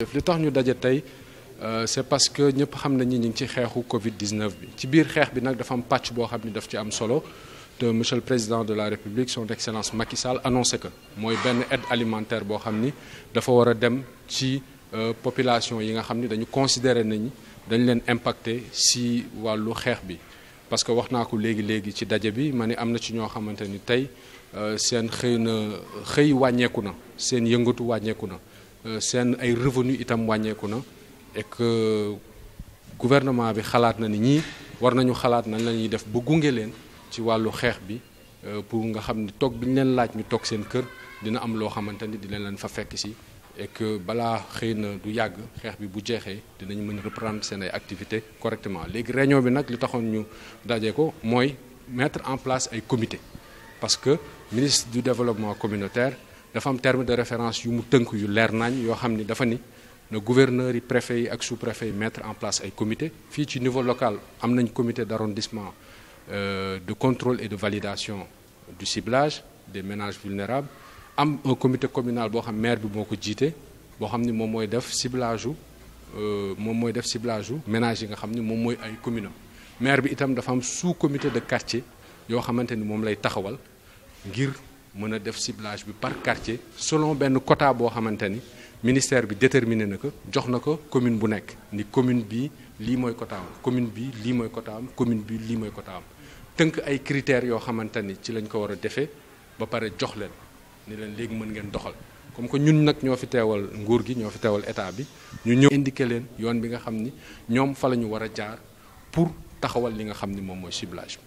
Le li tax ñu daje euh, c'est parce que nous parlons de ni ñu ngi ci Covid 19 bi ci biir xeex bi nag dafa am pàcc boo xam ni daf ci am solo monsieur le président de la république son excellence Macky Sall annoncé que mooy benn aide alimentaire boo xam ni dafa war a dem ci euh, population yi nga xam ni dañu considérer nañ dañ leen impacté si voilà xeex bi. parce que voilà, naa ko léegi léegi ci daje bi mané ne am na ci ñoo xamante ni tey euh, seen xëy na xëy wàññeeku na seen yëngatu wàññeeku na. Euh, seen ay revenu itam wàññeeku na et que gouvernement bi xalaat na ni ñii war nañu xalaat nañ la ñuy def ba gunge leen ci wàllu xeex bi euh, pour nga xam ni toog bi leen laaj ñu toog seen kër dina am loo xamante ni leen leen fa fekk si et que balaa xëy na du yàgg xeex bi bu jeexee dinañ mën reprendre seen ay activités correctement léegi réunion bi nag li taxoon ñu daje ko mooy mettre en place ay comité parce que ministre du développement communautaire dafa am terme de référence yu mu tënk yu leer nañ yoo xam gouverneurs préfets yi sous préfet mettent en place ay comité Au ci niveau local am un comité d'arrondissement euh, de contrôle et de validation du ciblage des ménages vulnérables am un comité communal bo xamné maire bi moo jité bo boo mom moy def ciblage euh mom moy def ciblage ménage yi nga xam ni moom ay communaux maire bi itam dafa am sous comité de quartier yo xamanteni mom lay taxawal ngir mëna def ciblage bi par quartier selon ben quota bo xamante ministère bi déterminé nako jox nako commune bu nek ni commune bi li moy quota am commune bi li moy quota am commune bi li moy quota am tënk ay critères yo xamante ci lañ ko wara défé ba pare jox leen ni leen léegi mën ngeen doxal comme que ñun nak ño fi téwal nguur gi ño fi téwal état bi ñu ñëw indiqué leen yoon bi nga xamni ñom fa lañu wara jaar pour taxawal li nga xamni mom moy ciblage